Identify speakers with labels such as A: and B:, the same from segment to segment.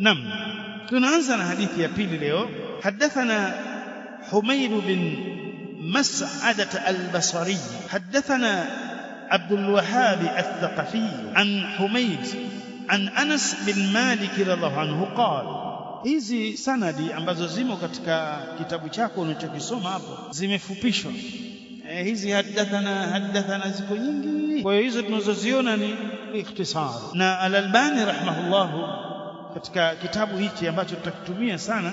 A: Naam, tunaanza na hadithi ya pili leo. Hadathana Humayr bin Mas'adat al-Basri, hadathana Abdul Wahhab al-Thaqafi an Humayd an Anas bin Malik Hizi sanadi ambazo zimo katika kitabu chako unachokisoma hapo zimefupishwa. E, hizi hadathana hadathana ziko nyingi, kwa hiyo hizo tunazoziona ni ikhtisar, na al rahimahullahu katika kitabu hichi ambacho tutakitumia sana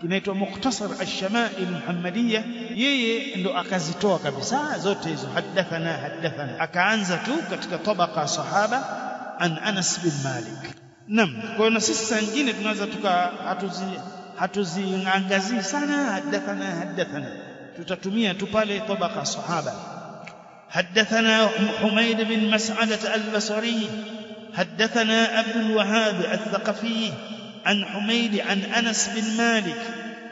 A: kinaitwa Mukhtasar Ash-Shama'il Muhammadiyya, yeye ndo akazitoa kabisa zote hizo, hadathana hadathana, akaanza tu katika tabaka sahaba an Anas bin Malik. Naam, kwa hiyo na sisi saa nyingine tunaweza tuka hatuziangazii sana hadathana hadathana, tutatumia tu pale tabaka sahaba hadathana humaid bin Mas'adah al-Basri حدثنا عبد الوهاب الثقفي عن حميد عن انس بن مالك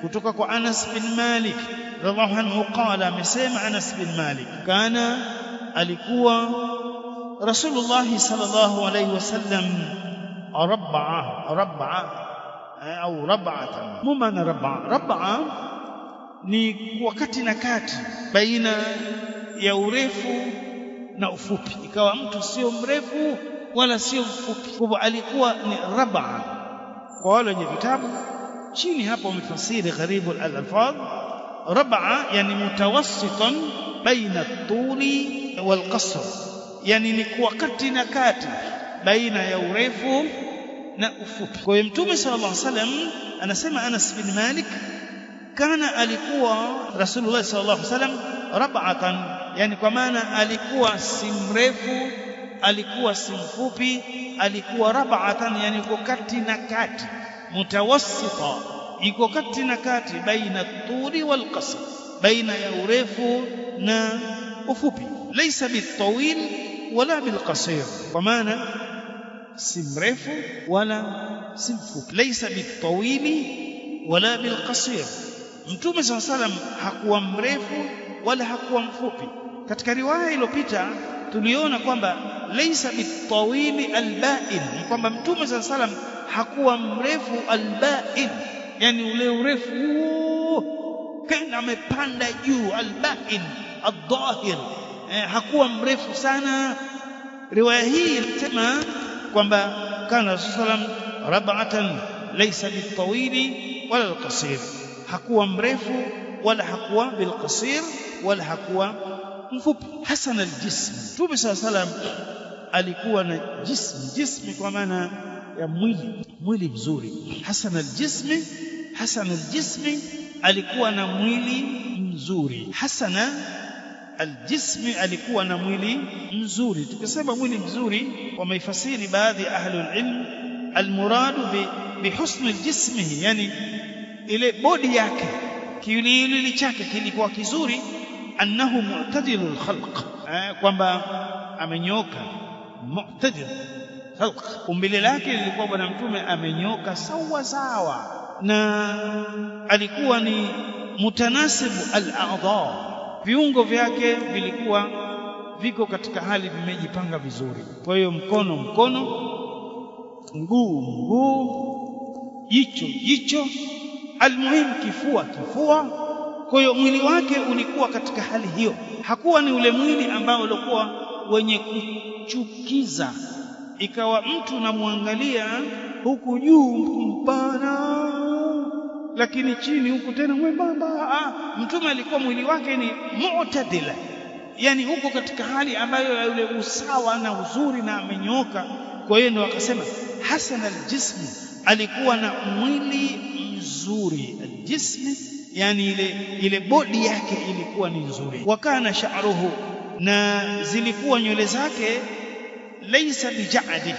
A: كتبك انس بن مالك رضى الله عنه قال مسام انس بن مالك كان الكوى رسول الله صلى الله عليه وسلم ربع ربع او ربعه مو معنى ربع ربعه ni wakati na kati baina ya urefu na ufupi ikawa mtu sio wala sio mfupi alikuwa ni rabaa kwa wale wenye vitabu chini hapo wamefasiri gharibu al-alfaz rabaa yani mutawassitan baina tuli wal qasr yani ni kuwa kati na kati baina ya urefu na ufupi kwa hiyo mtume sallallahu alaihi wasallam anasema Anas bin Malik kana alikuwa Rasulullah sallallahu alaihi wasallam rab'atan yani kwa maana alikuwa si mrefu alikuwa si mfupi alikuwa rab'atan yani iko kati na kati mutawassita iko kati na kati baina turi wal qasr baina ya urefu na ufupi laysa bitawil wala bilqasir kwa maana si mrefu wala si mfupi laysa bitawili wala bilqasir mtume sallallahu alayhi wasallam hakuwa mrefu wala hakuwa mfupi katika riwaya iliyopita tuliona kwamba laisa bitawili albain, kwamba mtume sala salam hakuwa mrefu albain, yani ule urefu huo kana amepanda juu, albain aldhahir eh, hakuwa mrefu sana. Riwaya hii inasema kwamba kana sala salam rabatan laisa bitawili wala alqasir, hakuwa mrefu wala hakuwa bilqasir wala hakuwa mfupi hasan aljism Mtume sallam salam alikuwa na jism jismi kwa maana ya mwili mwili mzuri hasan aljism hasan aljism alikuwa na mwili mzuri hasana aljismi alikuwa na mwili mzuri tukisema mwili mzuri wameifasiri baadhi ya ahli alilm almuradu bi bihusni jismihi yani ile bodi yake kiwiliwili chake kilikuwa kizuri annahu mu'tadilu lkhalq, eh, kwamba amenyoka mu'tadil khalq, umbile lake lilikuwa Bwana Mtume amenyoka sawa sawa, na alikuwa ni mutanasibu al-a'dha, viungo vyake vilikuwa viko katika hali vimejipanga vizuri. Kwa hiyo mkono mkono, mguu mguu, jicho jicho, almuhimu kifua kifua kwa hiyo mwili wake ulikuwa katika hali hiyo, hakuwa ni ule mwili ambao ulikuwa wenye kuchukiza, ikawa mtu namwangalia huku juu mpana, lakini chini huku tena mwembamba. Ah, mtume alikuwa mwili wake ni mu'tadila, yani huko katika hali ambayo ya ule usawa na uzuri na amenyooka. Kwa hiyo ndio akasema hasan aljismi, alikuwa na mwili mzuri aljismi yani ile ile bodi yake ilikuwa ni nzuri. Wakana sha'ruhu, na zilikuwa nywele zake laysa bijadi.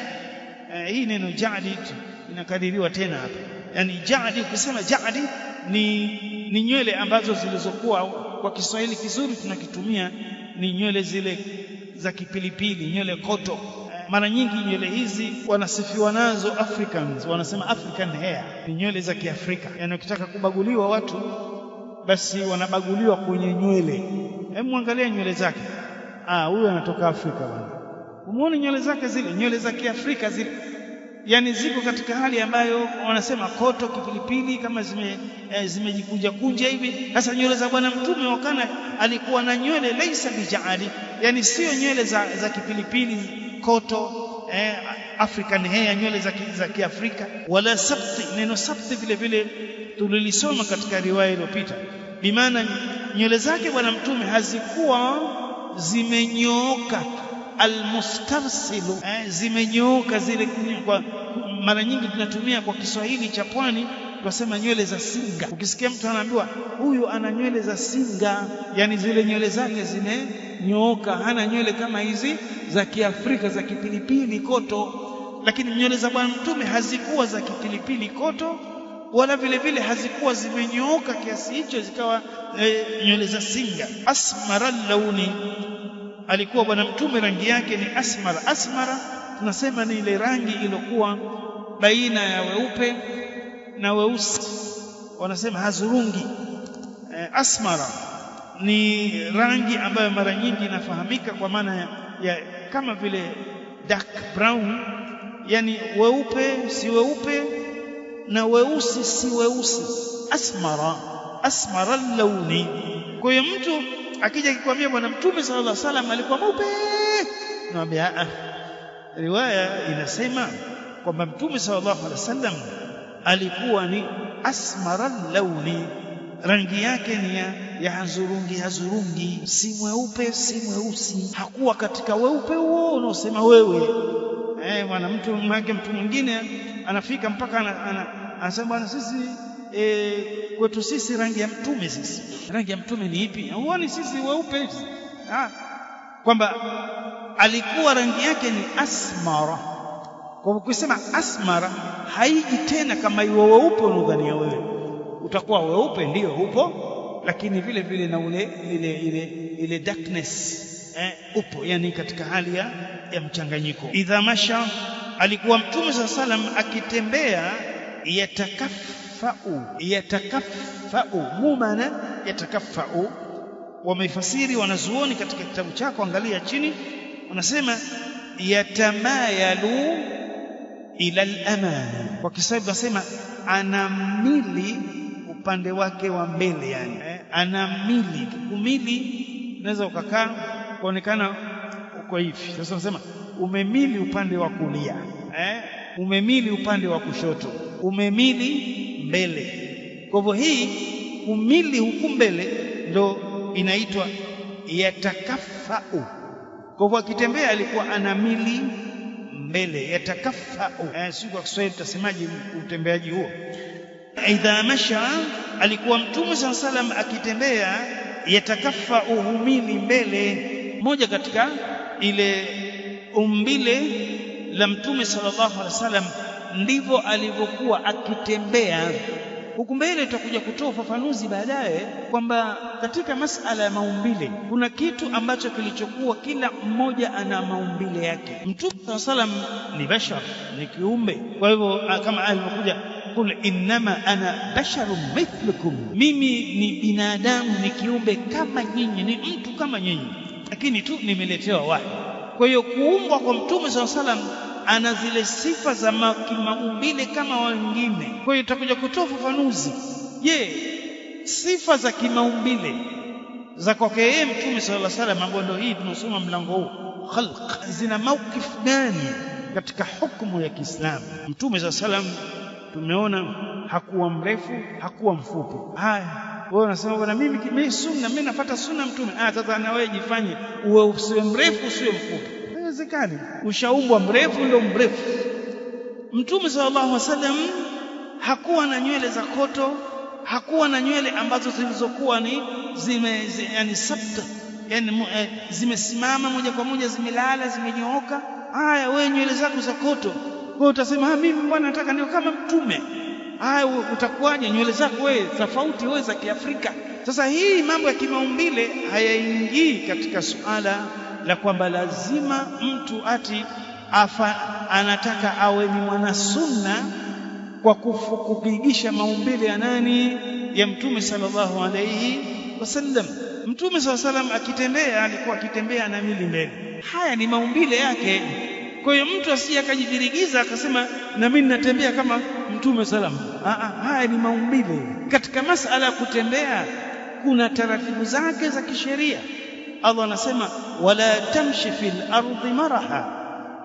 A: Uh, eh, hii neno jadi inakadiriwa tena hapa, yani jadi, ukisema jadi ni, ni nywele ambazo zilizokuwa kwa Kiswahili kizuri tunakitumia ni nywele zile za kipilipili, nywele koto mara nyingi nywele hizi wanasifiwa nazo Africans, wanasema African hair, ni nywele za Kiafrika. Yani ukitaka kubaguliwa watu, basi wanabaguliwa kwenye nywele. Hebu angalia nywele zake, ah, huyu anatoka Afrika bwana. Umeona nywele zake zile, nywele za Kiafrika zile yani ziko katika hali ambayo wanasema koto kipilipili kama zime eh, zimejikunja kunja hivi. Sasa nywele za Bwana Mtume wakana alikuwa na nywele laisa bijaali yani sio nywele za, za kipilipili mikoto eh, African hair, nywele za Kiafrika, wala sabti. Neno sabti vile vile tulilisoma katika riwaya iliyopita, bimaana nywele zake Bwana Mtume hazikuwa zimenyooka almustarsilu, eh, zimenyooka zile. Kwa mara nyingi tunatumia kwa Kiswahili cha pwani tunasema nywele za singa. Ukisikia mtu anaambiwa huyu ana nywele za singa, yani zile nywele zake zime nyooka, hana nywele kama hizi za Kiafrika za kipilipili koto. Lakini nywele za Bwana Mtume hazikuwa za kipilipili koto, wala vile vile hazikuwa zimenyooka kiasi hicho zikawa e, nywele za singa. Asmara launi alikuwa Bwana Mtume, rangi yake ni asmara. Asmara tunasema ni ile rangi iliyokuwa baina ya weupe na weusi, wanasema hazurungi e, asmara ni rangi ambayo mara nyingi inafahamika kwa maana ya, ya kama vile dark brown yani weupe si weupe na weusi si weusi asmara asmara launi kwa hiyo mtu akija akikwambia bwana mtume sallallahu alaihi wasallam alikuwa mweupe naambia a ah, ah. riwaya inasema kwamba mtume sallallahu alaihi wasallam alikuwa ni asmara launi rangi yake ni ya, ya hazurungi hazurungi, si mweupe si mweusi, hakuwa katika weupe huo unaosema wewe eh, bwana. Mtu mwake mtu mwingine anafika mpaka anasema bwana, sisi e, kwetu sisi rangi ya mtume, sisi rangi ya mtume ni ipi? Huoni sisi weupe? Ah, kwamba alikuwa rangi yake ni asmara. Kwa kusema asmara haiji tena kama iwe weupe unaodhania wewe utakuwa weupe ndio upo, lakini vile vile na ule ile ile ile darkness eh, upo yani katika hali ya, ya mchanganyiko. Idha masha alikuwa Mtume saa salam akitembea, yatakaffau yatakaffau mumana yatakaffau. Wameifasiri wanazuoni katika kitabu chako, angalia chini, wanasema yatamayalu ila al-amana, kwa Kiswahili ana anamili upande wake wa mbele, yani eh, ana mili kumili, unaweza ukakaa ukaonekana uko hivi. Sasa unasema umemili upande wa kulia eh, umemili upande wa kushoto, umemili mbele. Kwa hivyo hii kumili huku mbele ndo inaitwa yatakafau. Kwa hivyo akitembea alikuwa ana mili mbele, yatakafau. Eh, sio kwa Kiswahili tutasemaje utembeaji huo? idha masha, alikuwa mtume sala salam akitembea, yatakaffa uhumini mbele moja katika ile umbile la mtume sallallahu alaihi wasallam, ndivyo alivyokuwa akitembea huku mbele tutakuja kutoa ufafanuzi baadaye kwamba katika masala ya maumbile kuna kitu ambacho kilichokuwa kila mmoja ana maumbile yake. Mtume sallallahu alaihi wasallam ni bashar, ni kiumbe. Kwa hivyo kama alivyokuja qul innama ana basharun mithlukum, mimi ni binadamu, ni kiumbe kama nyinyi, ni mtu kama nyinyi, lakini tu nimeletewa wahi. Kwa hiyo kuumbwa kwa Mtume saa salam ana zile sifa za kimaumbile kama wengine. Kwa hiyo tutakuja kutoa ufafanuzi. Je, sifa za kimaumbile za kwake yeye Mtume sallallahu alaihi wasallam, ambayo ndio hii tunasoma mlango huu khalq, zina maukifu gani katika hukumu ya Kiislamu? Mtume sallallahu alaihi wasallam tumeona hakuwa mrefu hakuwa mfupi. Haya, wewe unasema bwana, mimi mimi sunna, mimi nafuata sunna mtume. Ah, sasa na wewe jifanye uwe usiwe mrefu usiwe mfupi, haiwezekani. Ushaumbwa mrefu ndio mrefu. Mtume sallallahu alaihi wasallam hakuwa na nywele za koto, hakuwa na nywele ambazo zilizokuwa ni zime, zi, yani sabta yani e, zimesimama moja kwa moja, zimelala zimenyooka. Haya, wewe nywele zako za koto kwa utasema ah, mimi bwana, nataka niwe kama mtume. Aya, utakuwaje? Nywele zako wewe tofauti, wewe za Kiafrika. Sasa hii mambo ya kimaumbile hayaingii katika suala la kwamba lazima mtu ati afa, anataka awe ni mwanasunna kwa kupigisha maumbile ya nani? Ya Mtume sallallahu alaihi wasallam. Mtume sallallahu alaihi wasallam akitembea, alikuwa akitembea na mili mbele. Haya ni maumbile yake. Kwa hiyo mtu asiye akajivirigiza akasema na mimi ninatembea kama mtume salam. Ah, ah, haya ni maumbile. Katika masala ya kutembea kuna taratibu zake za kisheria. Allah anasema wala tamshi fil ardi maraha,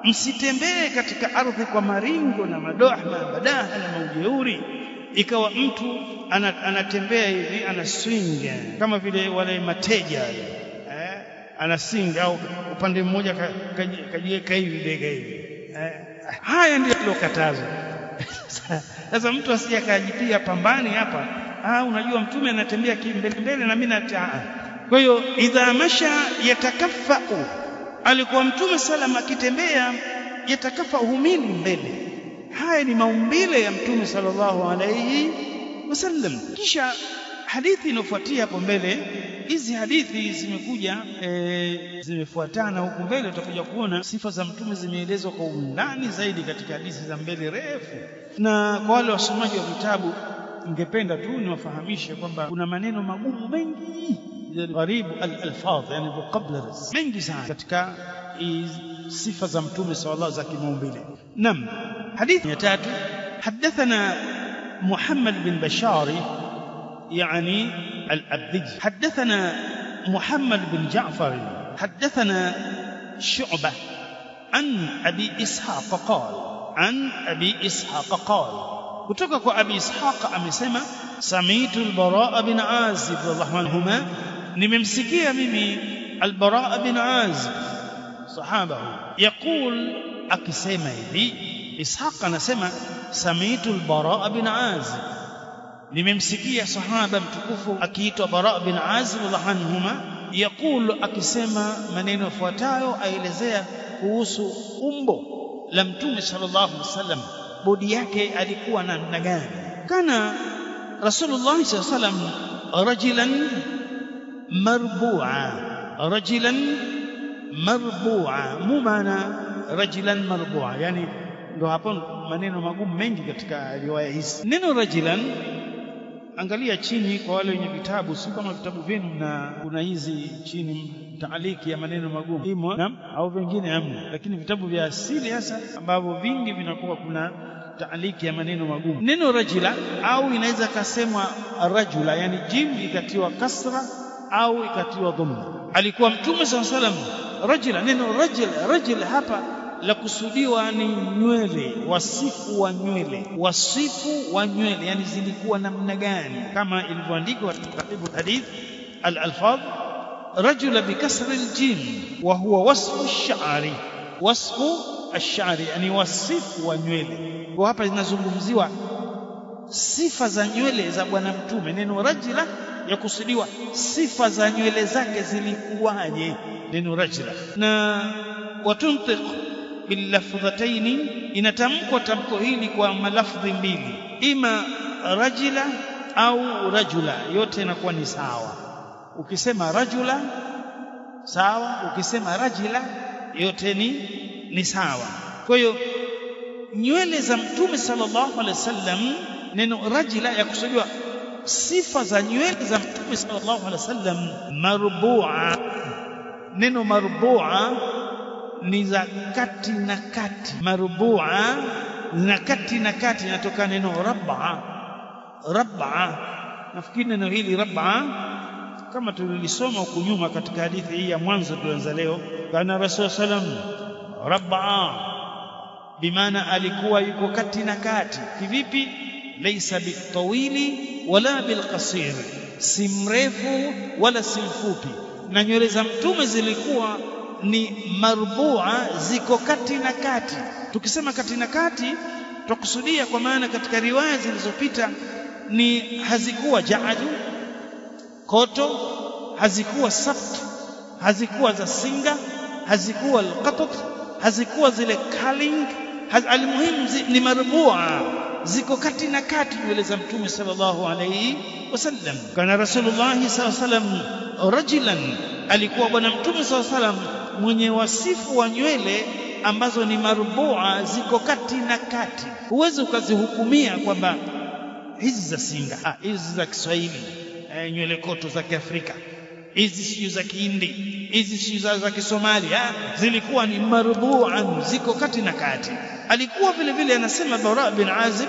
A: msitembee katika ardhi kwa maringo na madoha na badaha na maujeuri. Ikawa mtu anatembea hivi anaswinga kama vile wale mateja anasinga au upande mmoja kajiweka hivi bega hivi. Eh, haya ndio aliokatazwa Sasa mtu asije akajipia pambani hapa, ah, unajua mtume anatembea kimbele mbele na mimi nataa. Kwa hiyo idha masha yatakafau, alikuwa mtume salama akitembea yatakafau mini mbele. Haya ni maumbile ya mtume sallallahu alayhi wasallam. Kisha hadithi inofuatia hapo mbele hizi hadithi zimekuja e, zimefuatana huku mbele, utakuja kuona sifa za mtume zimeelezwa kwa undani zaidi katika hadithi za mbele refu. Na kwa wale wasomaji wa vitabu, ningependa tu niwafahamishe kwamba kuna maneno magumu mengi gharibu al yani vocabularies mengi sana katika sifa za mtume sallallahu alaihi za kimaumbile. Naam, hadithi ya tatu, hadathana Muhammad bin Bashari يعني الأبدج حدثنا محمد بن جعفر حدثنا شعبة عن أبي إسحاق قال عن أبي إسحاق قال وتركوا أبي إسحاق أم سما سميت البراء بن عازب الله عنهما نممسكي ميمي البراء بن عازب صحابه يقول أكسيما إسحاق نسمع سميت البراء بن عازب nimemsikia sahaba mtukufu akiitwa Bara bin Azib anhuma yakulu, akisema maneno yafuatayo, aelezea kuhusu umbo la Mtume sallallahu alaihi wasallam, bodi yake alikuwa na namna gani? Kana Rasulullah sallallahu alaihi wasallam rajulan marbua, rajulan marbua, mu maana rajulan marbua, yani ndo hapo maneno magumu mengi katika riwaya hizi. Neno rajulan angalia chini kwa wale wenye vitabu, si kama vitabu vyenu na kuna hizi chini taaliki ya maneno magumu imo au vingine amna lakini vitabu vya asili hasa ambavyo vingi vinakuwa kuna taaliki ya maneno magumu. Neno rajula au inaweza kasemwa rajula, yani jim ikatiwa kasra au ikatiwa dhamma. Alikuwa Mtume sallallahu alaihi wasallam rajula, neno rajul, rajul hapa la kusudiwa ni nywele, wasifu wa nywele, wasifu wa nywele, yani zilikuwa namna gani, kama ilivyoandikwa katika kitabu hadith al-alfadh rajula bikasri aljim wa huwa wasfu shari wasfu ash yani wasifu wa nywele. Kwa hapa zinazungumziwa sifa za nywele za Bwana Mtume. Neno rajula yakusudiwa sifa za nywele zake zilikuwaje, neno rajula na watuntiq bilafdhataini, inatamkwa tamko hili kwa malafdhi mbili, ima rajila au rajula, yote inakuwa ni sawa. Ukisema rajula sawa, ukisema rajila yote ni, ni sawa. Kwa hiyo nywele za Mtume sallallahu alaihi wasallam, neno rajila kusudiwa sifa za nywele za Mtume sallallahu alaihi wasallam, marbua. Neno marbua ni za kati na kati. Marbua na kati na kati, inatoka neno rab'a. Rab'a, nafikiri neno hili rab'a kama tulilisoma huku nyuma katika hadithi hii ya mwanzo tulianza leo, kana rasul sallam rab'a, bimaana alikuwa yuko kati na kati. Kivipi? Laisa bitawili wala bilqasiri, si mrefu wala si mfupi. Na nywele za mtume zilikuwa ni marbua ziko kati na kati. Tukisema kati na kati, twakusudia kwa maana katika riwaya zilizopita ni hazikuwa jaadu koto, hazikuwa sabt, hazikuwa za singa, hazikuwa alqatat, hazikuwa zile kaling Haz, almuhimu zi, ni marbua ziko kati na kati, za Mtume sallallahu alayhi wasallam. Kana Rasulullah sallallahu alayhi wasallam rajulan, alikuwa Bwana Mtume sallallahu alayhi wasallam mwenye wasifu wa nywele ambazo ni marubua ziko kati na kati, huwezi ukazihukumia kwamba hizi za Singa, ah, hizi za Kiswahili, eh, nywele koto za Kiafrika, hizi siyo za Kihindi, hizi siyo za Kisomali. Ah, zilikuwa ni marbuan, ziko kati na kati. Alikuwa vile vile anasema Bara bin Azib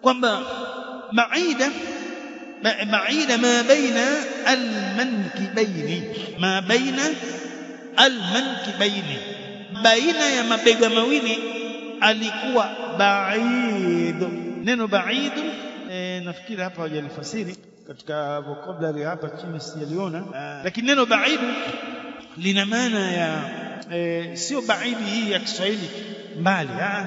A: kwamba maida maida ma baina almankibaini ma baina almankibaini, baina ya mabega mawili alikuwa baid. Neno baid e, nafikiri hapa hawajalifasiri katika vocabulary hapa chini sijaliona, ah, lakini neno baid lina maana ya e, sio baidi hii ya Kiswahili mbali, ah,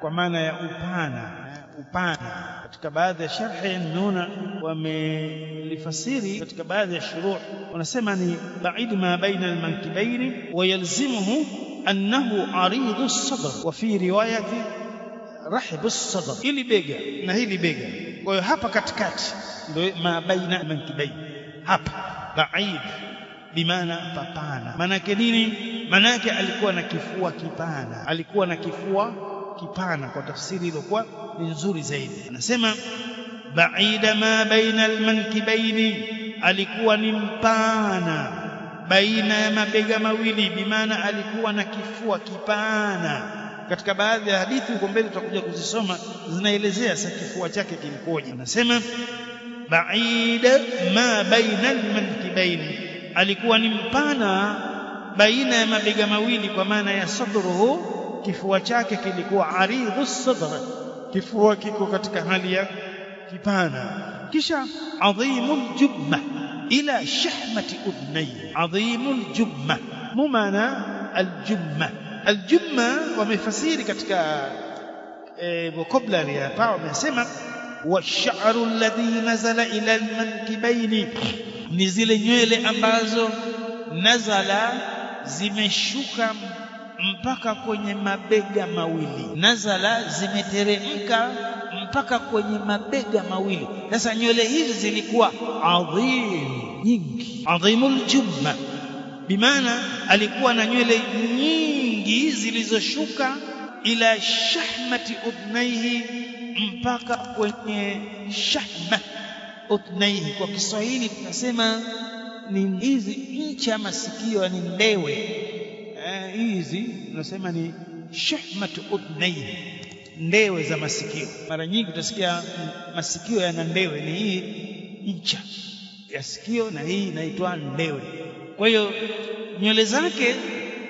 A: kwa maana ya upana upana. Katika baadhi ya sharhi nimeona wamelifasiri katika baadhi ya shuruh, wanasema ni baidi ma baina almankibaini wa yalzimuhu annahu aridu sadr wa fi riwayati rahbu sadr, ili bega na hili bega. Kwa hiyo hapa katikati ndio ma baina almankibaini, hapa baid bimaana papana. Maanake nini? Maanake alikuwa na kifua kipana, alikuwa na kifua kipana, kwa tafsiri iliyokuwa ni nzuri zaidi. Anasema baida ma baina almankibaini, alikuwa ni mpana baina ya mabega mawili, bimaana alikuwa na kifua kipana katika baadhi ya hadithi huko mbele tutakuja kuzisoma, zinaelezea sa kifua chake kilikoje. Anasema baida ma baina almankibaini, alikuwa ni mpana baina ya mabega mawili, kwa maana ya sadruhu, kifua chake kilikuwa aridhu sadra kifua kiko katika hali ya kipana kisha adhimul jubma ila shahmati udhnai adhimul jubma mumana aljumma aljumma wamefasiri katika vocabulary e, hapa wamesema washaru alladhi nazala ila almankibaini ni zile nywele ambazo nazala zimeshuka mpaka kwenye mabega mawili, nazala zimeteremka mpaka kwenye mabega mawili. Sasa nywele hizi zilikuwa adhim nyingi, adhimul jumma, bimaana alikuwa na nywele nyingi zilizoshuka ila shahmati udhnaihi, mpaka kwenye shahma udhnaihi. Kwa Kiswahili tunasema ni hizi ncha masikio, ni ndewe hizi tunasema ni shahmat udhnain, ndewe za masikio. Mara nyingi utasikia masikio yana ndewe, ni hii ncha ya sikio, na hii inaitwa ndewe. Kwa hiyo nywele zake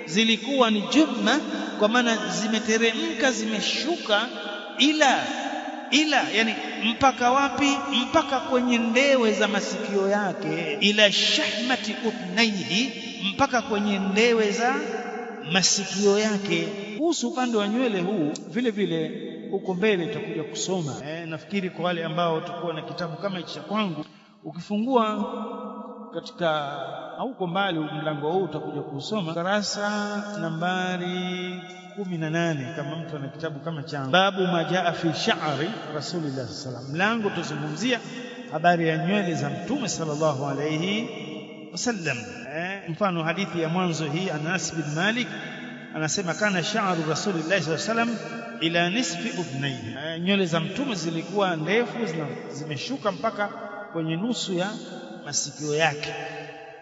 A: zilikuwa ni jumma, kwa maana zimeteremka, zimeshuka, ila ila yani mpaka wapi? Mpaka kwenye ndewe za masikio yake, ila shahmati udhnaihi, mpaka kwenye ndewe za masikio yake. Kuhusu upande wa nywele huu vile vile huko mbele tutakuja kusoma eh, nafikiri kwa wale ambao tutakuwa na kitabu kama hichi cha kwangu, ukifungua katika auko mbali mlango huu utakuja kusoma karasa nambari kumi na nane kama mtu ana kitabu kama changu, babu majaa fi sha'ri Rasulillah sallallahu alaihi wasallam. Mlango tuzungumzia habari ya nywele za Mtume sallallahu alaihi wasallam. Eh, mfano hadithi ya mwanzo hii, Anas bin Malik anasema kana sha'ru rasulillahi sallallahu alayhi wasallam ila nisfi udhnayhi, eh, nywele za mtume zilikuwa ndefu zimeshuka mpaka kwenye nusu ya masikio yake.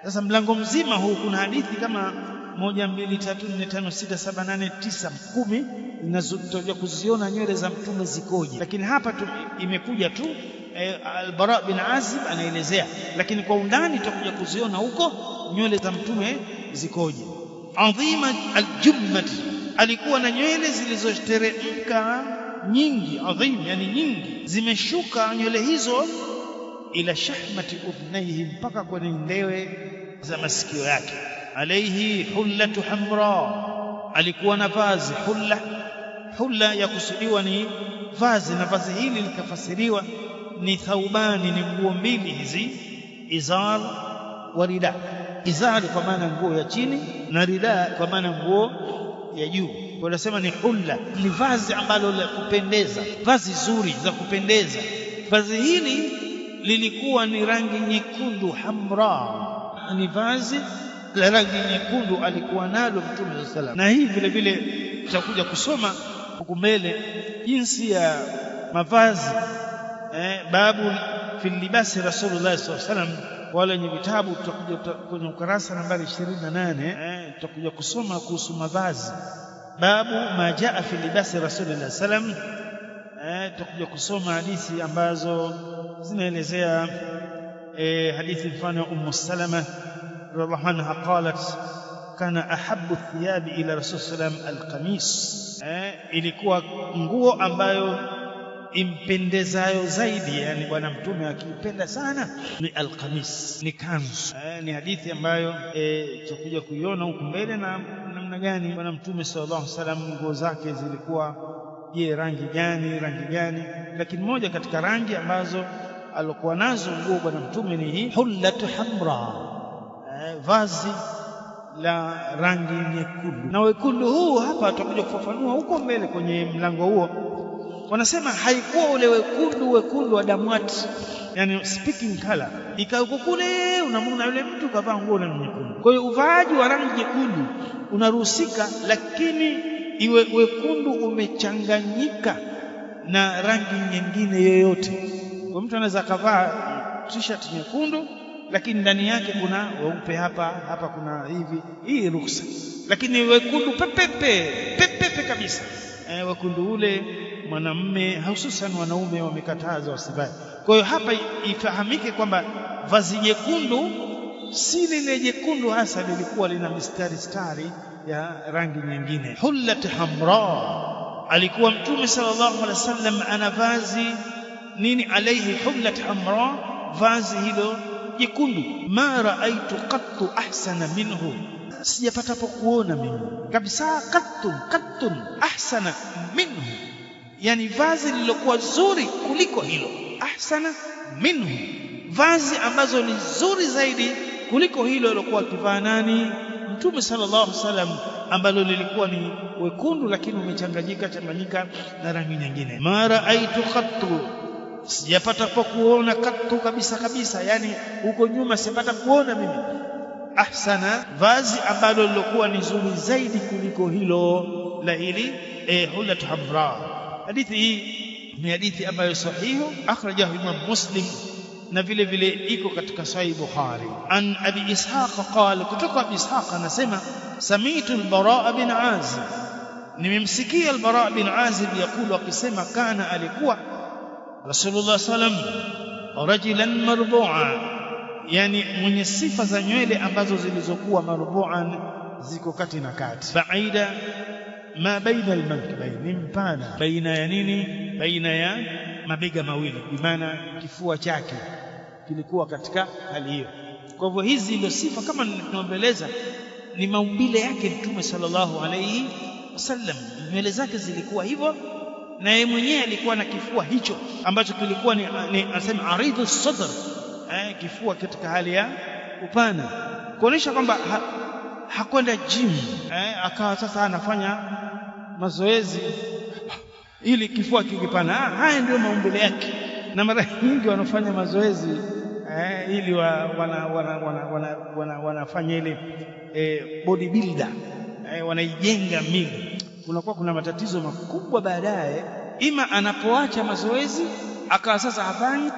A: Sasa mlango mzima huu kuna hadithi kama 1 2 3 4 5 6 7 8 9 kumi zinazotajwa kuziona nywele za mtume zikoje, lakini hapa tu imekuja tu Eh, Albara bin Azib anaelezea, lakini kwa undani tutakuja kuziona huko nywele za mtume zikoje. Adhima aljummati, alikuwa na nywele zilizoteremka nyingi, adhim yani nyingi, zimeshuka nywele hizo ila shahmati udhnaihi, mpaka kwenye ndewe za masikio yake. Alaihi hullatu hamra, alikuwa na vazi hulla. Hulla ya kusudiwa ni vazi, na vazi hili likafasiriwa ni thaubani, ni nguo mbili hizi, izar wa rida. Izari kwa maana nguo ya chini na rida kwa maana nguo ya juu. nasema ni hulla, ni vazi ambalo la kupendeza, vazi zuri za kupendeza. Vazi hili lilikuwa ni rangi nyekundu, hamra, ni vazi la rangi nyekundu alikuwa nalo Mtume wa alaihi na hii vile vile tutakuja kusoma huku mbele jinsi ya mavazi eh, babu fi libasi rasulullah sallallahu alaihi wasallam wale wenye vitabu tutakuja kwenye ukurasa nambari 28 eh, tutakuja kusoma kuhusu mavazi babu majaa fi libasi rasulullah sallam eh, tutakuja kusoma hadithi ambazo zinaelezea eh, hadithi mfano ummu salama radhiallahu anha qalat kana ahabbu thiyabi ila rasul sallam alqamis eh, ilikuwa nguo ambayo impendezayo zaidi, yani bwana mtume akiupenda sana ni alqamis, ni kanzu. Eh, ni hadithi ambayo eh, tutakuja kuiona huku mbele, na namna gani bwana mtume sallallahu alaihi wasallam nguo zake zilikuwa, je, rangi gani, rangi gani? Lakini moja katika rangi ambazo alikuwa nazo nguo bwana mtume ni hii hullatu hamra, e, vazi la rangi nyekundu. Na wekundu huu hapa tutakuja kufafanua huko mbele kwenye mlango huo wanasema haikuwa ule wekundu wekundu wa damwati, yani speaking color, ikawa kule unamwona yule mtu kavaa nguo na nyekundu. Kwa hiyo uvaaji wa rangi nyekundu unaruhusika, lakini iwe wekundu umechanganyika na rangi nyingine yoyote. Kwa mtu anaweza akavaa t-shirt nyekundu lakini ndani yake kuna weupe hapa hapa, kuna hivi. Hii ruhusa, lakini wekundu pepepe pepepe kabisa, e, wekundu ule mwanamme hususan wanaume wamekataza wasivae. Kwa hiyo hapa ifahamike kwamba vazi jekundu si lile jekundu hasa, lilikuwa lina mistari stari ya rangi nyingine. Hullat hamra, alikuwa Mtume sallallahu alaihi wasallam ana vazi nini, alaihi hullat hamra, vazi hilo jekundu. Ma raaitu qattu ahsana minhu sijapata kuona mimi kabisa, qattun qattun ahsana minhu yani vazi lililokuwa zuri kuliko hilo ahsana minhu vazi ambazo ni zuri zaidi kuliko hilo lilokuwa akivaa nani mtume sallallahu alaihi wasallam ambalo lilikuwa ni wekundu lakini umechanganyika changanyika na rangi nyingine mara aitu qattu sijapata kwa kuona katu kabisa kabisa yani huko nyuma sijapata kuona mimi ahsana vazi ambalo lilokuwa ni zuri zaidi kuliko hilo la hili eh hulatu hamra hadithi hii ni hadithi ambayo sahihu akhrajahu Imam Muslim na vile vile iko katika Sahih Bukhari an Abi Ishaq qala kutoka Abi Ishaq anasema samitu al bin Azib nimemsikia al bin Azib yakulu akisema kana alikuwa Rasulullah sallam rajulan marbua yani mwenye sifa za nywele ambazo zilizokuwa marbuan ziko kati na kati baida ma baina almankibaini ni mpana, baina ya nini? Baina ya mabega mawili, bimaana kifua chake kilikuwa katika hali hiyo. Kwa hivyo hizi ndio sifa kama ninaombeleza, ni maumbile yake Mtume sallallahu alayhi wasallam, nywele zake zilikuwa hivyo na yeye mwenyewe alikuwa na kifua hicho ambacho kilikuwa ni, ni anasema aridhu sadr eh, kifua katika hali ya upana kuonesha kwamba hakwenda gym eh, akawa sasa anafanya mazoezi ili kifua kikipana. Ah, haya ndio maumbile yake, na mara nyingi wanafanya mazoezi eh, ili wanafanya wana, wana, wana, wana, wana ile eh, bodybuilder eh, wanaijenga mili. Kunakuwa kuna matatizo makubwa baadaye, ima anapoacha mazoezi akawa sasa hafanyi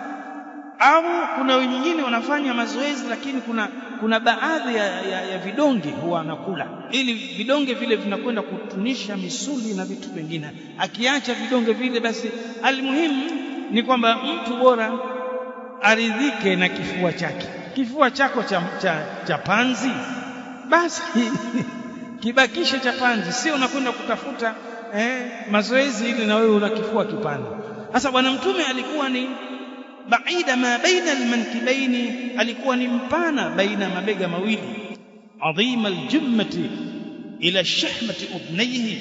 A: au kuna wengine wanafanya mazoezi lakini kuna, kuna baadhi ya, ya, ya vidonge huwa anakula ili vidonge vile vinakwenda kutunisha misuli na vitu vingine. Akiacha vidonge vile, basi almuhimu ni kwamba mtu bora aridhike na kifua chake. Kifua chako cha, cha, cha panzi basi kibakishe cha panzi, sio unakwenda kutafuta eh, mazoezi ili na wewe una kifua kipana. Sasa Bwana Mtume alikuwa ni baida ma baina almankibaini, alikuwa ni mpana baina mabega mawili. Adhima aljummati ila shahmati udhnaihi,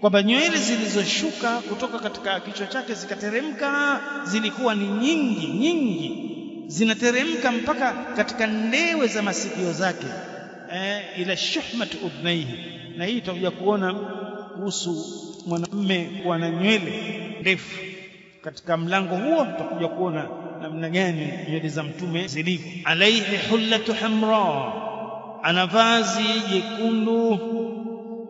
A: kwamba nywele zilizoshuka kutoka katika kichwa chake zikateremka zilikuwa ni nyingi nyingi, zinateremka mpaka katika ndewe za masikio zake. Eh, ila shahmati udhnaihi, na hii tutakuja kuona kuhusu mwanamume kuwa na nywele ndefu. Katika mlango huo tutakuja kuona namna gani nywele za mtume zilivyo. Alaihi hullatu hamra, ana vazi jekundu.